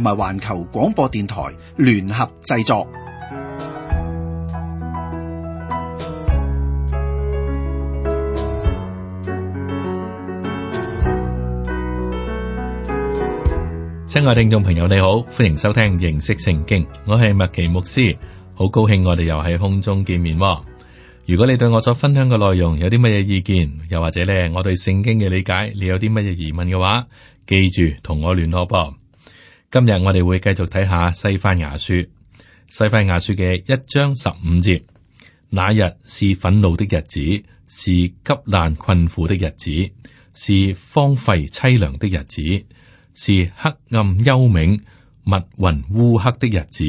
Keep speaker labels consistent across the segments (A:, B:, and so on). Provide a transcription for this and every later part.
A: 同埋環球廣播電台聯合製作，親愛聽眾朋友，你好，歡迎收聽認識聖經。我係麥奇牧師，好高興我哋又喺空中見面。如果你對我所分享嘅內容有啲乜嘢意見，又或者咧我對聖經嘅理解，你有啲乜嘢疑問嘅話，記住同我聯絡噃。今日我哋會繼續睇下《西番雅書》，《西番雅書》嘅一章十五節，那日是憤怒的日子，是急難困苦的日子，是荒廢淒涼的日子，是黑暗幽冥、密雲烏黑的日子。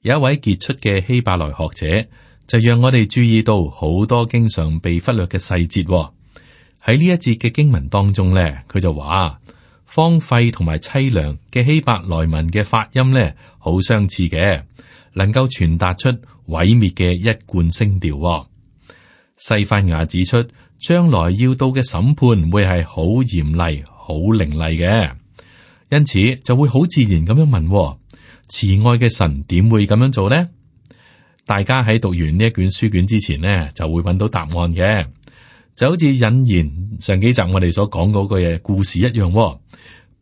A: 有一位傑出嘅希伯來學者就讓我哋注意到好多經常被忽略嘅細節。喺呢一節嘅經文當中呢，佢就話。荒廢同埋淒涼嘅希伯來文嘅發音呢，好相似嘅，能夠傳達出毀滅嘅一貫聲調、哦。西番雅指出，將來要到嘅審判會係好嚴厲、好凌厲嘅，因此就會好自然咁樣問、哦、慈愛嘅神點會咁樣做呢？」大家喺讀完呢一卷書卷之前呢，就會揾到答案嘅，就好似引言上幾集我哋所講嗰句嘢故事一樣、哦。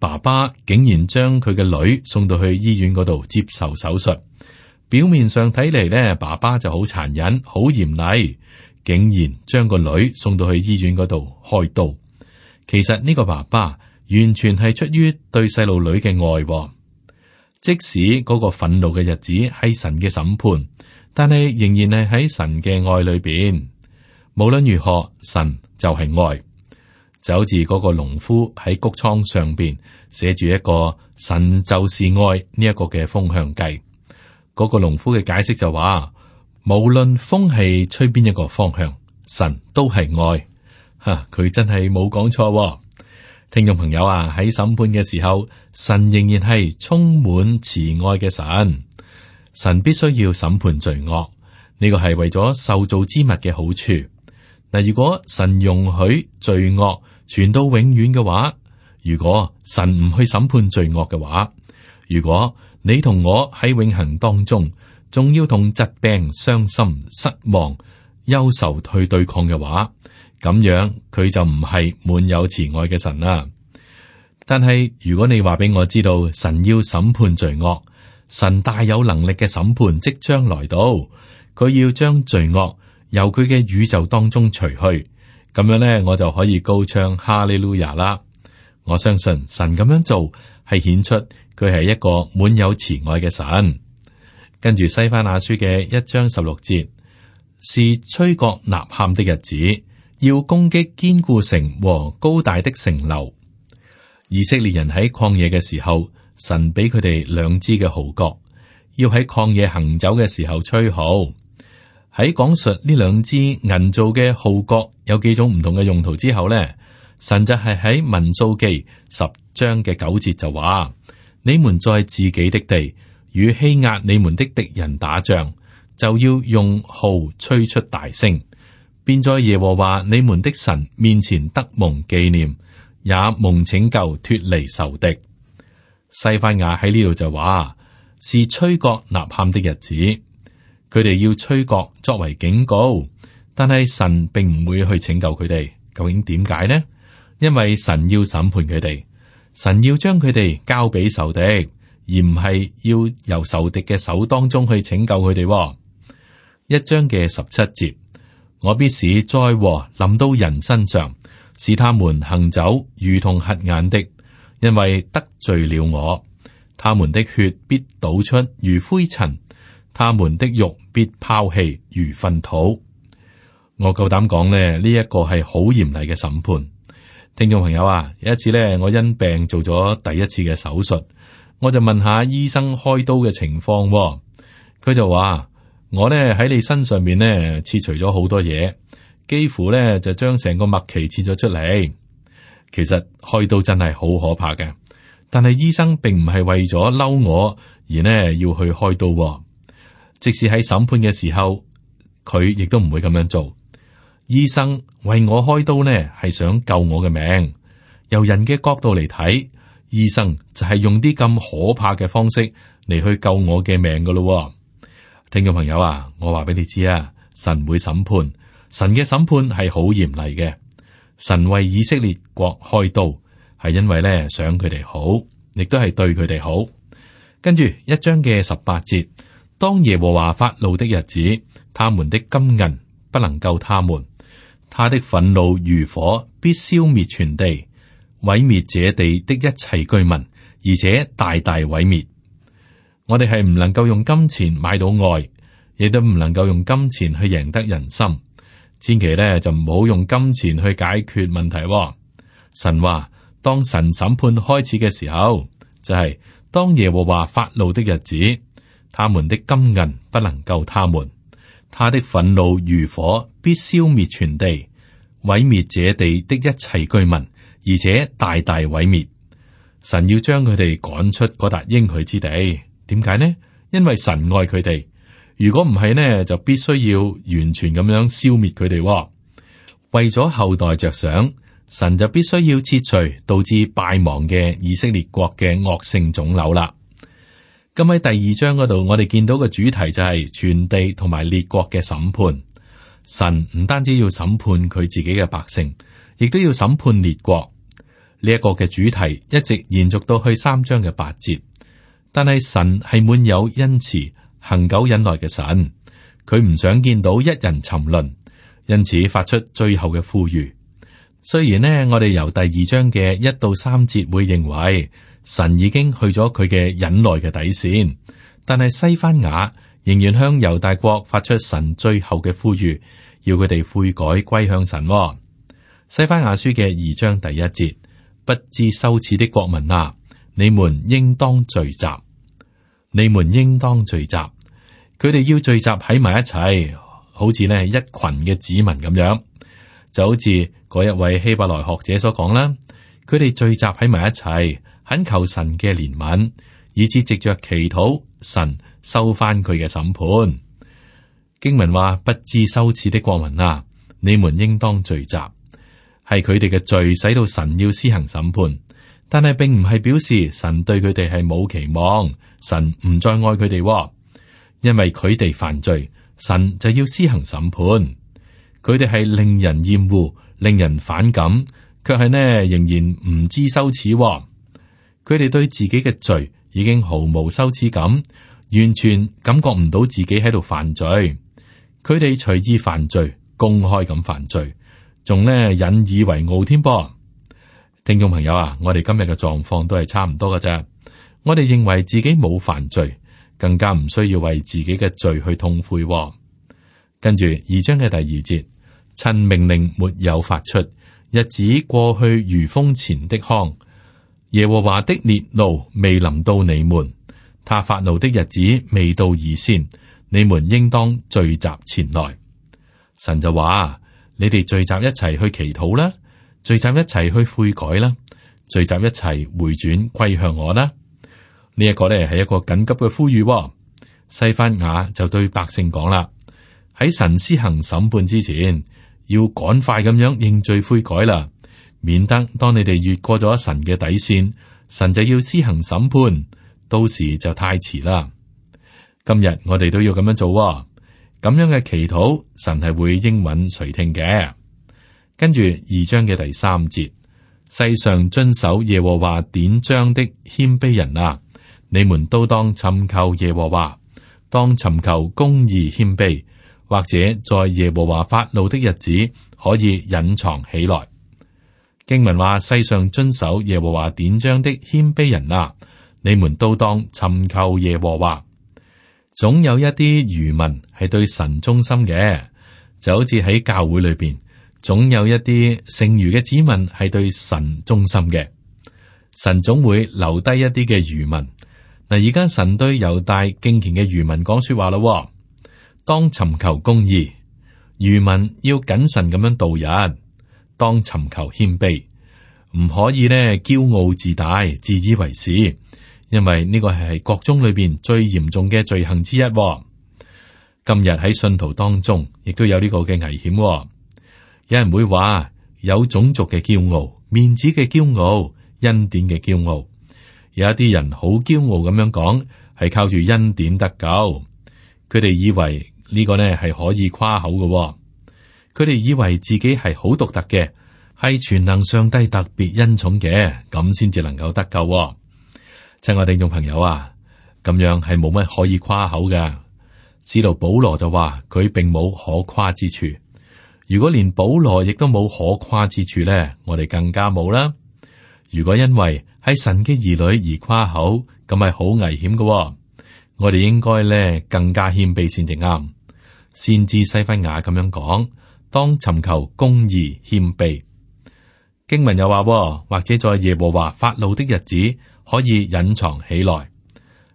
A: 爸爸竟然將佢嘅女送到去醫院嗰度接受手術。表面上睇嚟，呢，爸爸就好殘忍、好嚴厲，竟然將個女送到去醫院嗰度開刀。其實呢個爸爸完全係出於對細路女嘅愛喎。即使嗰個憤怒嘅日子係神嘅審判，但係仍然係喺神嘅愛裏邊。無論如何，神就係愛。就好似嗰個農夫喺谷倉上邊寫住一個神就是愛呢一、這個嘅風向計，嗰、那個農夫嘅解釋就話、是：無論風係吹邊一個方向，神都係愛。吓，佢真係冇講錯、哦。聽眾朋友啊，喺審判嘅時候，神仍然係充滿慈愛嘅神。神必須要審判罪惡，呢個係為咗受造之物嘅好處。嗱，如果神容許罪惡，傳到永遠嘅話，如果神唔去審判罪惡嘅話，如果你同我喺永恒當中，仲要同疾病、傷心、失望、憂愁去對抗嘅話，咁樣佢就唔係滿有慈愛嘅神啦。但係如果你話俾我知道，神要審判罪惡，神大有能力嘅審判即將來到，佢要將罪惡由佢嘅宇宙當中除去。咁樣咧，我就可以高唱哈利路亞啦！我相信神咁樣做，係顯出佢係一個滿有慈愛嘅神。跟住西番雅書嘅一章十六節，是吹角吶喊的日子，要攻擊堅固城和高大的城樓。以色列人喺曠野嘅時候，神俾佢哋兩支嘅號角，要喺曠野行走嘅時候吹號。喺講述呢兩支銀造嘅號角有幾種唔同嘅用途之後呢，神就係喺民數記十章嘅九節就話：你們在自己的地與欺壓你們的敵人打仗，就要用號吹出大聲，便在耶和華你們的神面前得蒙紀念，也蒙拯救脫離仇敵。西番雅喺呢度就話：是吹角吶喊的日子。佢哋要吹角作為警告，但係神並唔會去拯救佢哋。究竟點解呢？因為神要審判佢哋，神要將佢哋交俾仇敵，而唔係要由仇敵嘅手當中去拯救佢哋。一章嘅十七節，我必使災禍臨到人身上，使他們行走如同瞎眼的，因為得罪了我。他們的血必倒出如灰塵。他們的肉必拋棄如糞土。我夠膽講呢，呢一個係好嚴厲嘅審判。聽眾朋友啊，有一次呢，我因病做咗第一次嘅手術，我就問下醫生開刀嘅情況。佢就話：我呢喺你身上面呢切除咗好多嘢，幾乎呢就將成個麥奇切咗出嚟。其實開刀真係好可怕嘅，但係醫生並唔係為咗嬲我而呢要去開刀。即使喺審判嘅時候，佢亦都唔會咁樣做。醫生為我開刀呢，係想救我嘅命。由人嘅角度嚟睇，醫生就係用啲咁可怕嘅方式嚟去救我嘅命㗎咯。聽眾朋友啊，我話俾你知啊，神會審判，神嘅審判係好嚴厲嘅。神為以色列國開刀，係因為咧想佢哋好，亦都係對佢哋好。跟住一章嘅十八節。當耶和華發怒的日子，他們的金銀不能救他們，他的憤怒如火，必消滅全地，毀滅這地的一切居民，而且大大毀滅。我哋係唔能夠用金錢買到愛，亦都唔能夠用金錢去贏得人心，千祈呢，就唔好用金錢去解決問題。神話，當神審判開始嘅時候，就係、是、當耶和華發怒的日子。他們的金銀不能救他們，他的憤怒如火，必消滅全地，毀滅這地的一切居民，而且大大毀滅。神要將佢哋趕出嗰笪應許之地，點解呢？因為神愛佢哋，如果唔係呢，就必須要完全咁樣消滅佢哋。為咗後代着想，神就必須要切除導致敗亡嘅以色列國嘅惡性腫瘤啦。咁喺第二章嗰度，我哋見到嘅主題就係全地同埋列國嘅審判。神唔單止要審判佢自己嘅百姓，亦都要審判列國。呢一個嘅主題一直延續到去三章嘅八節。但係神係滿有恩慈、恆久忍耐嘅神，佢唔想見到一人沉淪，因此發出最後嘅呼籲。雖然呢，我哋由第二章嘅一到三節會認為。神已經去咗佢嘅忍耐嘅底線，但係西番雅仍然向猶大國發出神最後嘅呼籲，要佢哋悔改歸向神。西番雅書嘅二章第一節，不知羞恥的國民啊，你們應當聚集，你們應當聚集。佢哋要聚集喺埋一齊，好似呢一群嘅子民咁樣，就好似嗰一位希伯來學者所講啦。佢哋聚集喺埋一齊。懇求神嘅憐憫，以致藉着祈禱，神收翻佢嘅審判。經文話：不知羞恥的國民啊，你們應當聚集。係佢哋嘅罪使到神要施行審判，但係並唔係表示神對佢哋係冇期望，神唔再愛佢哋啊，因為佢哋犯罪，神就要施行審判。佢哋係令人厭惡，令人反感，卻係呢仍然唔知羞恥啊。佢哋對自己嘅罪已經毫無羞恥感，完全感覺唔到自己喺度犯罪。佢哋隨意犯罪，公開咁犯罪，仲咧引以為傲添噃。聽眾朋友啊，我哋今日嘅狀況都係差唔多嘅啫。我哋認為自己冇犯罪，更加唔需要為自己嘅罪去痛悔啊。跟住二章嘅第二節，趁命令沒有發出，日子過去如風前的糠。耶和華的烈怒未臨到你們，他發怒的日子未到而先，你們應當聚集前來。神就話：你哋聚集一齊去祈禱啦，聚集一齊去悔改啦，聚集一齊回轉歸向我啦。呢一個咧係一個緊急嘅呼籲。西番雅就對百姓講啦：喺神施行審判之前，要趕快咁樣認罪悔改啦。免得當你哋越過咗神嘅底線，神就要施行審判，到時就太遲啦。今日我哋都要咁樣做，哦，咁樣嘅祈禱，神係會應允垂聽嘅。跟住二章嘅第三節，世上遵守耶和華典章的謙卑人啊，你們都當尋求耶和華，當尋求公義謙卑，或者在耶和華發怒的日子，可以隱藏起來。經文話：世上遵守耶和華典章的謙卑人啊，你們都當尋求耶和華。總有一啲餘民係對神忠心嘅，就好似喺教會裏邊，總有一啲剩餘嘅子民係對神忠心嘅。神總會留低一啲嘅餘民。嗱，而家神對猶大敬虔嘅餘民講說話咯，當尋求公義，餘民要謹慎咁樣度日。當尋求謙卑，唔可以呢驕傲自大、自以為是，因為呢個係係國中裏邊最嚴重嘅罪行之一、哦。今日喺信徒當中，亦都有呢個嘅危險、哦。有人會話有種族嘅驕傲、面子嘅驕傲、恩典嘅驕傲，有一啲人好驕傲咁樣講，係靠住恩典得救，佢哋以為呢個呢係可以誇口嘅、哦。佢哋以為自己係好獨特嘅，係全能上帝特別恩寵嘅，咁先至能夠得救、哦。親愛的聽眾朋友啊，咁樣係冇乜可以誇口嘅。使徒保羅就話佢並冇可誇之處。如果連保羅亦都冇可誇之處咧，我哋更加冇啦。如果因為喺神嘅兒女而誇口，咁係好危險噶、哦。我哋應該咧更加謙卑、啊，先至啱。先知西番雅咁樣講。當尋求公義謙卑，經文又話，或者在耶和華發怒的日子，可以隱藏起來，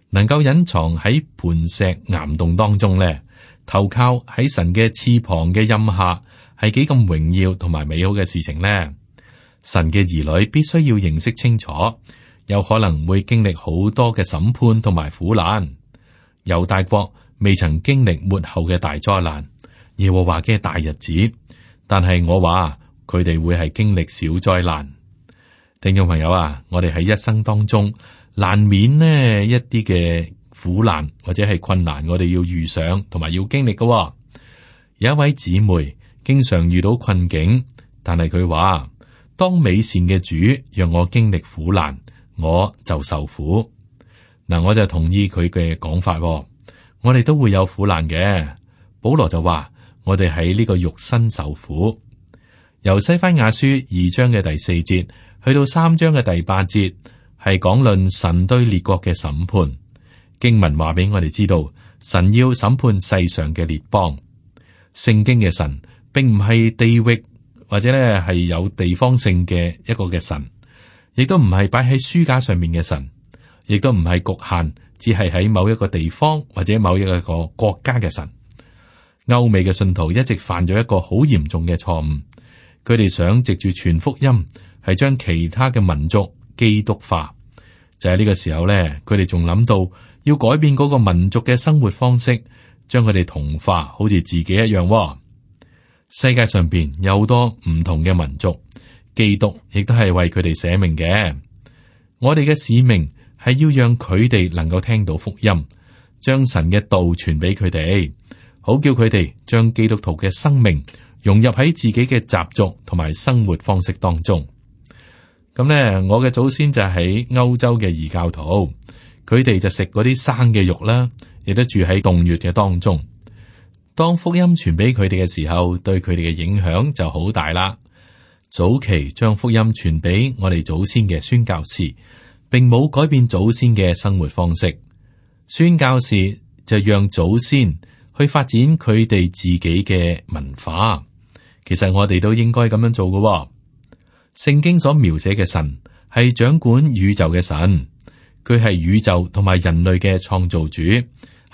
A: 能夠隱藏喺磐石岩洞當中呢，投靠喺神嘅翅膀嘅蔭下，係幾咁榮耀同埋美好嘅事情呢，神嘅兒女必須要認識清楚，有可能會經歷好多嘅審判同埋苦難，猶大國未曾經歷末後嘅大災難。耶和華嘅大日子，但係我話佢哋會係經歷小災難。聽眾朋友啊，我哋喺一生當中難免呢一啲嘅苦難或者係困難，我哋要遇上同埋要經歷嘅、哦。有一位姊妹經常遇到困境，但係佢話：當美善嘅主讓我經歷苦難，我就受苦。嗱、嗯，我就同意佢嘅講法、哦。我哋都會有苦難嘅。保羅就話。我哋喺呢個肉身受苦，由西番雅書二章嘅第四節去到三章嘅第八節，係講論神對列國嘅審判。經文話俾我哋知道，神要審判世上嘅列邦。聖經嘅神，並唔係地域或者咧係有地方性嘅一個嘅神，亦都唔係擺喺書架上面嘅神，亦都唔係局限，只係喺某一個地方或者某一個國家嘅神。歐美嘅信徒一直犯咗一個好嚴重嘅錯誤，佢哋想藉住傳福音係將其他嘅民族基督化，就喺呢個時候咧，佢哋仲諗到要改變嗰個民族嘅生活方式，將佢哋同化，好似自己一樣。世界上邊有好多唔同嘅民族，基督亦都係為佢哋捨命嘅。我哋嘅使命係要讓佢哋能夠聽到福音，將神嘅道傳俾佢哋。好叫佢哋將基督徒嘅生命融入喺自己嘅習俗同埋生活方式當中。咁咧，我嘅祖先就喺歐洲嘅異教徒，佢哋就食嗰啲生嘅肉啦，亦都住喺洞穴嘅當中。當福音傳俾佢哋嘅時候，對佢哋嘅影響就好大啦。早期將福音傳俾我哋祖先嘅宣教士，並冇改變祖先嘅生活方式。宣教士就讓祖先，去發展佢哋自己嘅文化，其實我哋都應該咁樣做㗎喎。聖經所描寫嘅神係掌管宇宙嘅神，佢係宇宙同埋人類嘅創造主，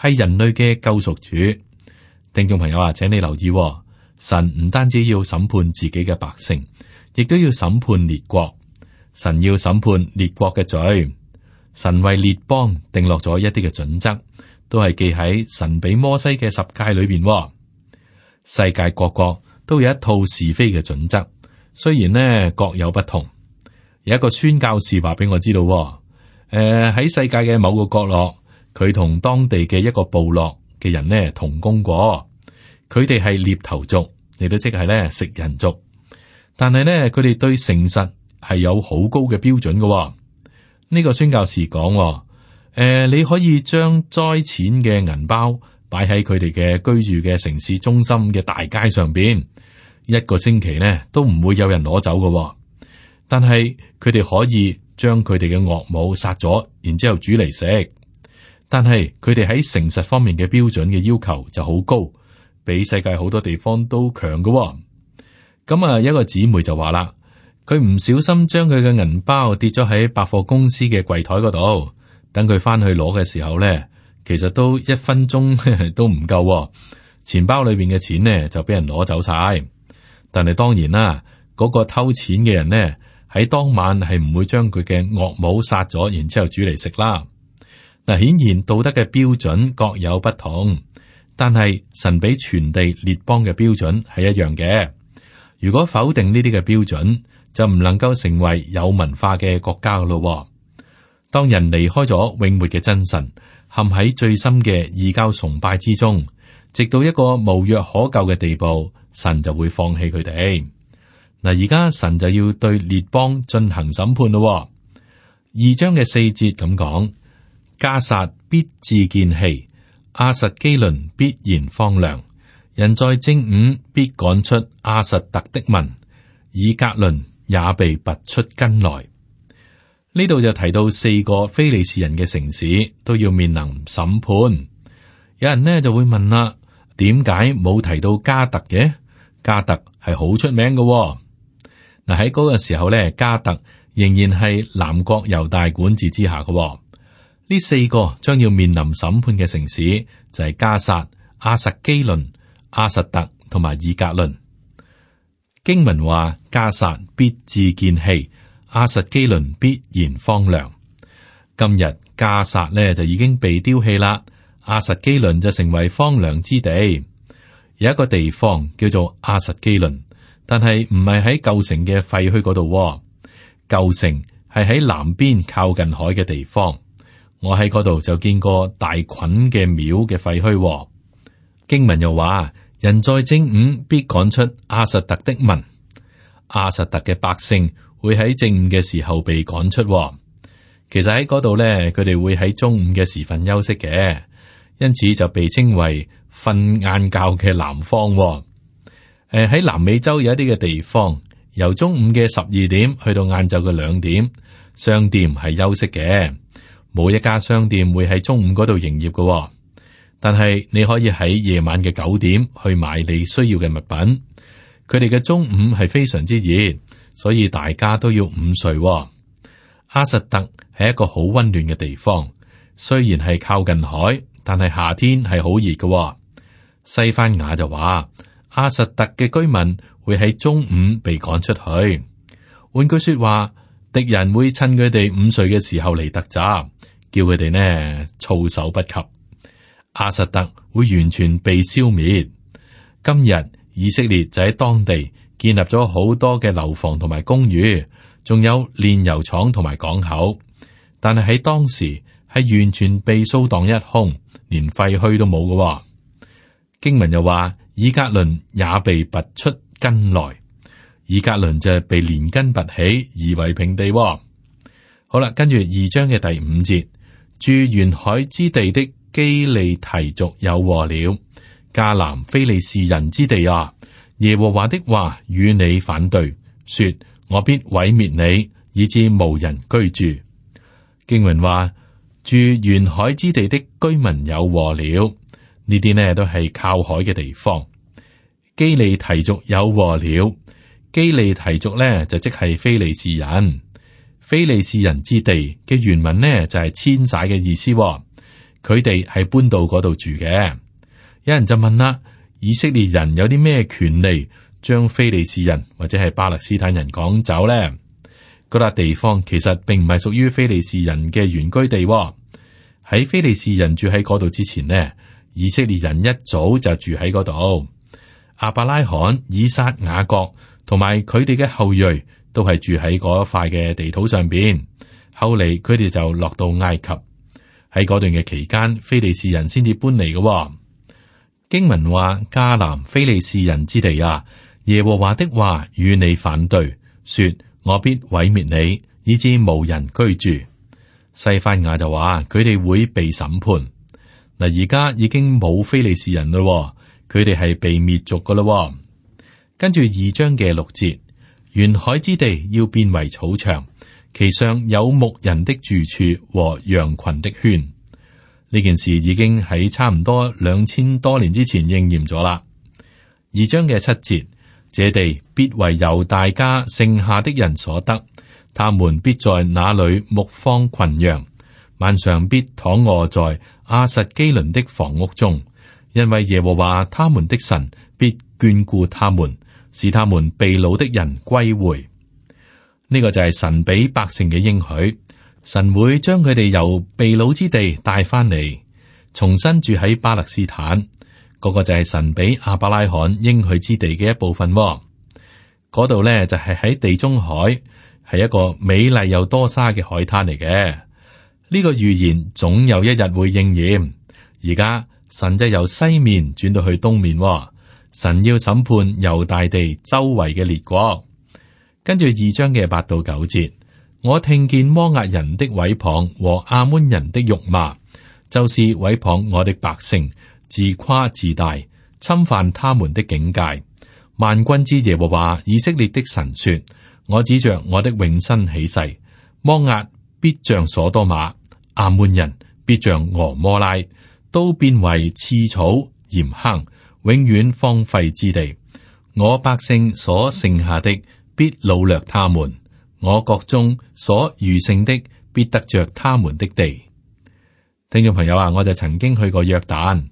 A: 係人類嘅救贖主。聽眾朋友啊，請你留意喎，神唔單止要審判自己嘅百姓，亦都要審判列國。神要審判列國嘅罪，神為列邦定落咗一啲嘅準則。都係記喺神俾摩西嘅十誡裏邊、哦。世界各國都有一套是非嘅準則，雖然呢各有不同。有一個宣教士話俾我知道、哦，誒、呃、喺世界嘅某個角落，佢同當地嘅一個部落嘅人呢同工過，佢哋係獵頭族，亦都即係呢食人族，但係呢佢哋對誠實係有好高嘅標準嘅、哦。呢、呢個宣教士講、哦。誒、呃，你可以將載錢嘅銀包擺喺佢哋嘅居住嘅城市中心嘅大街上邊，一個星期咧都唔會有人攞走嘅、哦。但係佢哋可以將佢哋嘅岳母殺咗，然之後煮嚟食。但係佢哋喺誠實方面嘅標準嘅要求就好高，比世界好多地方都強嘅、哦。咁啊，一個姊妹就話啦，佢唔小心將佢嘅銀包跌咗喺百貨公司嘅櫃台嗰度。等佢翻去攞嘅時候咧，其實都一分鐘 都唔夠、啊，錢包裏邊嘅錢呢，就俾人攞走晒。但係當然啦，嗰、嗰個偷錢嘅人呢，喺當晚係唔會將佢嘅惡母殺咗，然之後煮嚟食啦。嗱，顯然道德嘅標準各有不同，但係神俾全地列邦嘅標準係一樣嘅。如果否定呢啲嘅標準，就唔能夠成為有文化嘅國家咯、啊。當人離開咗永活嘅真神，陷喺最深嘅異教崇拜之中，直到一個無藥可救嘅地步，神就會放棄佢哋。嗱，而家神就要對列邦進行審判咯、哦。二章嘅四節咁講：加薩必自見棄，阿實基倫必然荒涼。人在正午必趕出阿實特的民，以格倫也被拔出根來。呢度就提到四個非利士人嘅城市都要面臨審判。有人呢就會問啦，點解冇提到加特嘅？加特係好出名嘅喎。嗱，喺嗰個時候咧，加特仍然係南國猶大管治之下嘅喎。呢四個將要面臨審判嘅城市就係加撒、阿什基倫、阿什特同埋以格倫。經文話：加撒必致見棄。阿實基倫必然荒涼。今日加薩呢，就已經被丟棄啦。阿實基倫就成為荒涼之地。有一個地方叫做阿實基倫，但係唔係喺舊城嘅廢墟嗰度、哦。舊城係喺南邊靠近海嘅地方。我喺嗰度就見過大群嘅廟嘅廢墟、哦。經文又話，人在正午必趕出阿實特的民。阿實特嘅百姓。會喺正午嘅時候被趕出、哦，其實喺嗰度呢，佢哋會喺中午嘅時分休息嘅，因此就被稱為瞓晏覺嘅南方。誒、哦，喺、呃、南美洲有一啲嘅地方，由中午嘅十二點去到晏晝嘅兩點，商店係休息嘅，冇一家商店會喺中午嗰度營業嘅、哦。但係你可以喺夜晚嘅九點去買你需要嘅物品。佢哋嘅中午係非常之熱。所以大家都要午睡、哦。亞實突係一個好溫暖嘅地方，雖然係靠近海，但係夏天係好熱嘅、哦。西番雅就話：亞實突嘅居民會喺中午被趕出去。換句說話，敵人會趁佢哋午睡嘅時候嚟突襲，叫佢哋呢措手不及。亞實突會完全被消滅。今日以色列就喺當地建立咗好多嘅樓房同埋公寓，仲有煉油廠同埋港口。但係喺當時係完全被掃蕩一空，連廢墟都冇嘅、哦。經文又話以格倫也被拔出根來，以格倫就被連根拔起，夷為平地、哦。好啦，跟住二章嘅第五節，住沿海之地的基利提族有禍了，迦南非利士人之地啊。耶和華的話與你反對，說：我必毀滅你，以致無人居住。經文話：住沿海之地的居民有禍了，呢啲呢都係靠海嘅地方。基利提族有禍了，基利提族呢就即係非利士人，非利士人之地嘅原文呢就係遷徙嘅意思、哦，佢哋係搬到嗰度住嘅。有人就問啦。以色列人有啲咩權利將非利士人或者係巴勒斯坦人趕走咧？嗰笪地方其實並唔係屬於非利士人嘅原居地喎。喺非利士人住喺嗰度之前呢，以色列人一早就住喺嗰度。亞伯拉罕、以撒、雅各同埋佢哋嘅後裔都係住喺嗰一塊嘅地土上邊。後嚟佢哋就落到埃及。喺嗰段嘅期間，非利士人先至搬嚟嘅喎。經文話迦南非利士人之地啊，耶和華的話與你反對，說我必毀滅你，以致無人居住。西番雅就話佢哋會被審判。嗱，而家已經冇非利士人咯，佢哋係被滅族噶咯。跟住二章嘅六節，沿海之地要變為草場，其上有牧人的住處和羊群的圈。呢件事已經喺差唔多兩千多年之前應驗咗啦。二章嘅七節，這地必為由大家剩下的人所得，他們必在那裏牧放群羊，晚上必躺卧在亞實基倫的房屋中，因為耶和華他們的神必眷顧他們，使他們被擄的人歸回。呢、呢個就係神俾百姓嘅應許。神會將佢哋由被擄之地帶翻嚟，重新住喺巴勒斯坦。嗰、那個就係神俾阿伯拉罕應許之地嘅一部分。嗰度呢，就係喺地中海，係一個美麗又多沙嘅海灘嚟嘅。呢、這個預言總有一日會應驗。而家神就由西面轉到去東面，神要審判猶大地周圍嘅列國。跟住二章嘅八到九節。我聽見摩押人的毀謗和亞捫人的辱罵，就是毀謗我的百姓，自誇自大，侵犯他們的境界。萬軍之耶和華以色列的神說：我指着我的永生起誓，摩押必像所多瑪，亞捫人必像蛾摩拉，都變為刺草鹽坑，永遠荒廢之地。我百姓所剩下的必擄掠他們。我國中所餘剩的，必得着他們的地。聽眾朋友啊，我就曾經去過約旦，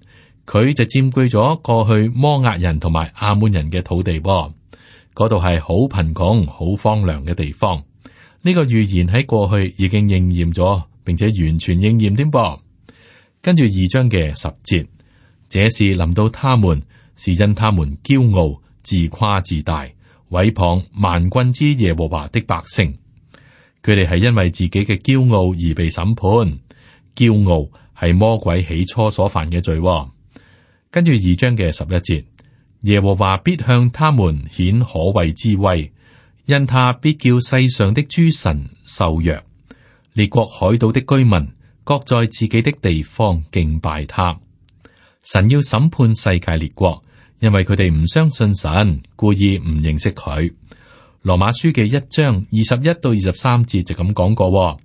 A: 佢就佔據咗過去摩押人同埋亞門人嘅土地。嗰度係好貧窮、好荒涼嘅地方。呢、這個預言喺過去已經應驗咗，並且完全應驗添。噃，跟住二章嘅十節，這事臨到他們，是因他們驕傲、自誇、自大。毀謗萬軍之耶和華的百姓，佢哋係因為自己嘅驕傲而被審判。驕傲係魔鬼起初所犯嘅罪。跟住二章嘅十一節，耶和華必向他們顯可畏之威，因他必叫世上的諸神瘦弱，列國海島的居民各在自己的地方敬拜他。神要審判世界列國。因為佢哋唔相信神，故意唔認識佢。羅馬書嘅一章二十一到二十三節就咁講過，哦，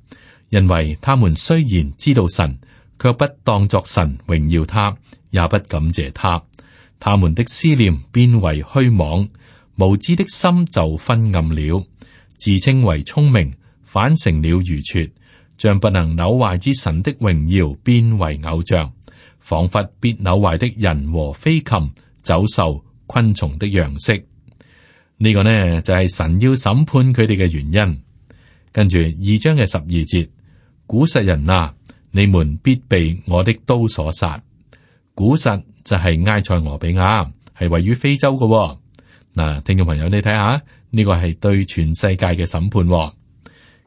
A: 因為他們雖然知道神，却不當作神榮耀他，也不感謝他。他們的思念變為虛妄，無知的心就昏暗了。自稱為聰明，反成了愚拙，將不能朽壞之神的榮耀變為偶像，仿佛必朽壞的人和飛禽。走獸、昆蟲的樣式，呢、這個呢就係、是、神要審判佢哋嘅原因。跟住二章嘅十二節，古實人啊，你們必被我的刀所殺。古實就係埃塞俄比亞，係位於非洲嘅、哦。嗱、呃，聽眾朋友你睇下，呢、這個係對全世界嘅審判、哦。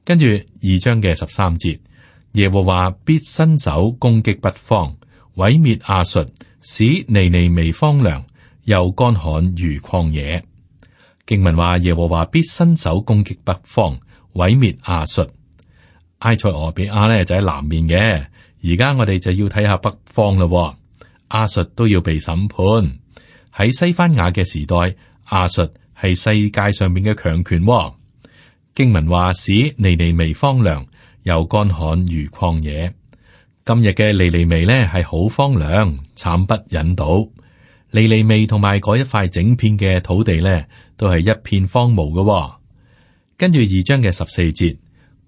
A: 跟住二章嘅十三節，耶和華必伸手攻擊北方，毀滅亞述，使尼尼微荒涼。又乾旱如曠野。經文話耶和華必伸手攻擊北方，毀滅亞述。埃塞俄比亞咧就喺南面嘅，而家我哋就要睇下北方咯、哦。亞述都要被審判。喺西番雅嘅時代，亞述係世界上面嘅強權、哦。經文話使尼尼微荒涼，又乾旱如曠野。今日嘅尼尼微呢係好荒涼，慘不忍睹。尼尼微同埋嗰一塊整片嘅土地咧，都係一片荒蕪嘅、哦。跟住二章嘅十四節，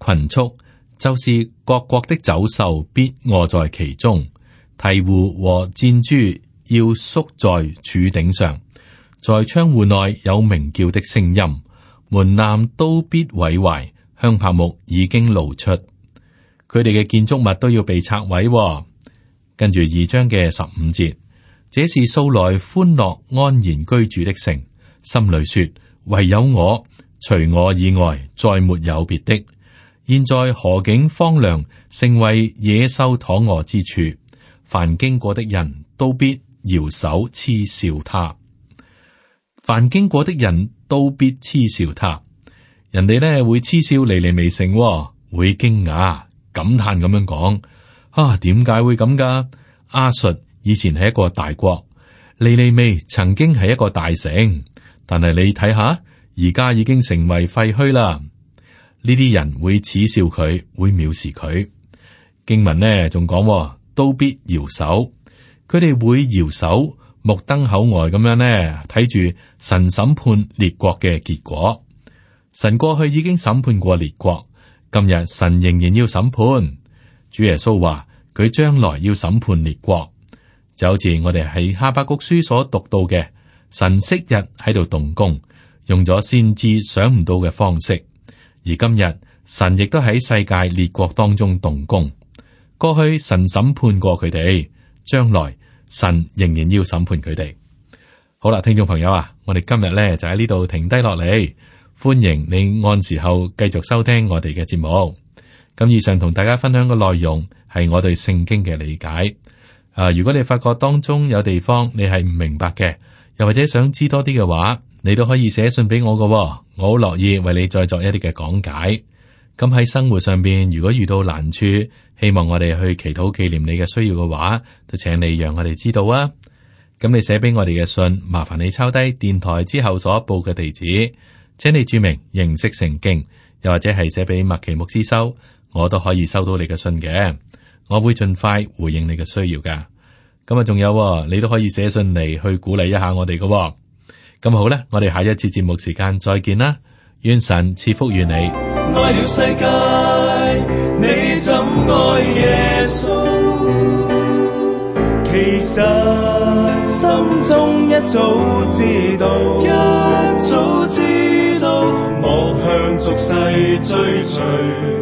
A: 群畜，就是各國的走獸必卧在其中，鵜鶘和箭豬要縮在柱頂上，在窗戶內有鳴叫的聲音，門檻都必毀壞，香柏木已經露出，佢哋嘅建築物都要被拆毀、哦。跟住二章嘅十五節。這是素來歡樂安然居住的城，心裏說：唯有我，除我以外，再沒有別的。現在何竟荒涼，成為野獸躺臥之處。凡經過的人都必搖手嗤笑他，凡經過的人都必嗤笑他。人哋咧會嗤笑離離未成，會驚訝、感嘆咁樣講：啊，點解會咁噶？亞述。以前係一個大國，尼尼微曾經係一個大城，但係你睇下，而家已經成為廢墟啦。呢啲人會恥笑佢，會藐視佢。經文呢仲講，都必搖手，佢哋會搖手，目瞪口呆咁樣呢睇住神審判列國嘅結果。神過去已經審判過列國，今日神仍然要審判。主耶穌話佢將來要審判列國。就好似我哋喺《哈巴谷書》所讀到嘅，神昔日喺度動工，用咗先知想唔到嘅方式；而今日神亦都喺世界列國當中動工。過去神審判過佢哋，將來神仍然要審判佢哋。好啦，聽眾朋友啊，我哋今日咧就喺呢度停低落嚟。歡迎你按時候繼續收聽我哋嘅節目。咁以上同大家分享嘅內容係我對聖經嘅理解。啊！如果你發覺當中有地方你係唔明白嘅，又或者想知多啲嘅話，你都可以寫信俾我嘅，哦，我好樂意為你再作一啲嘅講解。咁喺生活上邊，如果遇到難處，希望我哋去祈禱紀念你嘅需要嘅話，就請你讓我哋知道啊。咁你寫俾我哋嘅信，麻煩你抄低電台之後所報嘅地址，請你注明認識聖經，又或者係寫俾麥其牧師收，我都可以收到你嘅信嘅。我會盡快回應你嘅需要噶，咁啊仲有你都可以寫信嚟去鼓勵一下我哋噶。咁好啦，我哋下一次節目時間再見啦，願神賜福與你。愛了世界，你怎愛耶穌？其實心中一早知道，一早知道，莫向俗世追隨。